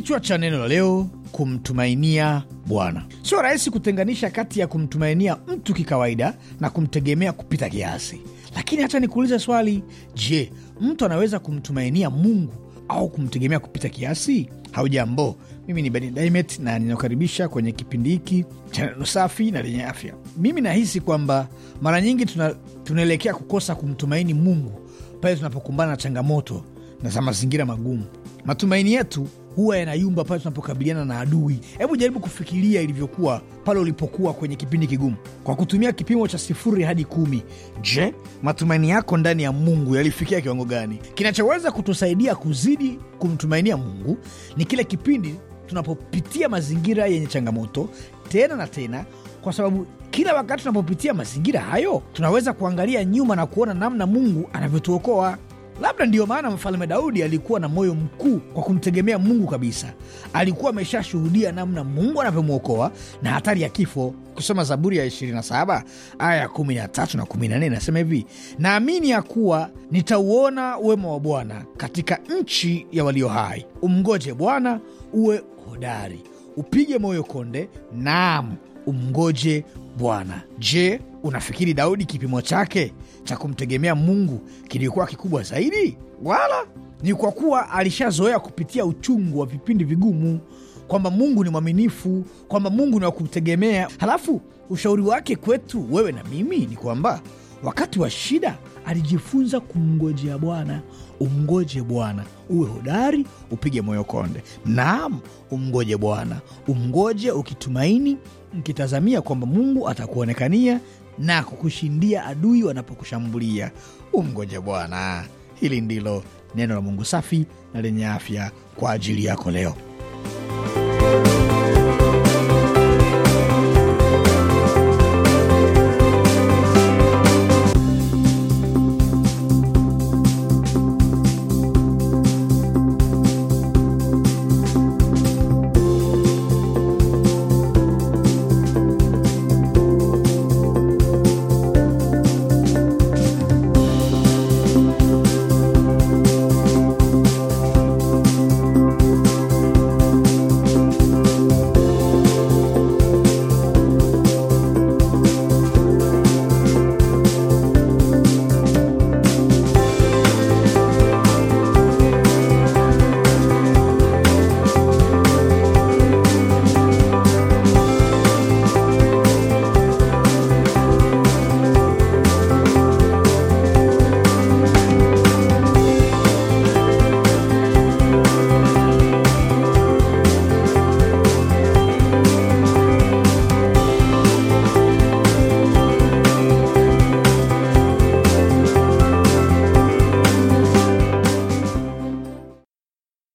Kichwa cha neno la leo, kumtumainia Bwana. Sio rahisi kutenganisha kati ya kumtumainia mtu kikawaida na kumtegemea kupita kiasi, lakini hata nikuuliza swali, je, mtu anaweza kumtumainia Mungu au kumtegemea kupita kiasi? Haujambo, mimi ni Beni na ninaokaribisha kwenye kipindi hiki cha neno safi na lenye afya. Mimi nahisi kwamba mara nyingi tunaelekea kukosa kumtumaini Mungu pale tunapokumbana na changamoto na za mazingira magumu. Matumaini yetu huwa yanayumba pale tunapokabiliana na adui. Hebu jaribu kufikiria ilivyokuwa pale ulipokuwa kwenye kipindi kigumu. Kwa kutumia kipimo cha sifuri hadi kumi, je, matumaini yako ndani ya Mungu yalifikia kiwango gani? Kinachoweza kutusaidia kuzidi kumtumainia Mungu ni kile kipindi tunapopitia mazingira yenye changamoto tena na tena, kwa sababu kila wakati tunapopitia mazingira hayo tunaweza kuangalia nyuma na kuona namna Mungu anavyotuokoa. Labda ndiyo maana mfalme Daudi alikuwa na moyo mkuu kwa kumtegemea Mungu kabisa. Alikuwa ameshashuhudia namna Mungu anavyomwokoa na hatari ya kifo. Kusoma Zaburi ya 27 aya ya 13 na 14 inasema hivi: naamini ya kuwa nitauona wema wa Bwana katika nchi ya walio hai. Umngoje Bwana, uwe hodari, upige moyo konde, naam, umngoje Bwana. Je, Unafikiri Daudi kipimo chake cha kumtegemea Mungu kilikuwa kikubwa zaidi? Wala ni kwa kuwa alishazoea kupitia uchungu wa vipindi vigumu, kwamba Mungu ni mwaminifu, kwamba Mungu ni wa kumtegemea. Halafu ushauri wake kwetu wewe na mimi ni kwamba wakati wa shida alijifunza kumngojea Bwana. Umngoje Bwana, uwe hodari, upige moyo konde. nam umngoje Bwana, umngoje ukitumaini, mkitazamia kwamba Mungu atakuonekania na kukushindia adui wanapokushambulia. Umngoje Bwana. Hili ndilo neno la Mungu safi na lenye afya kwa ajili yako leo.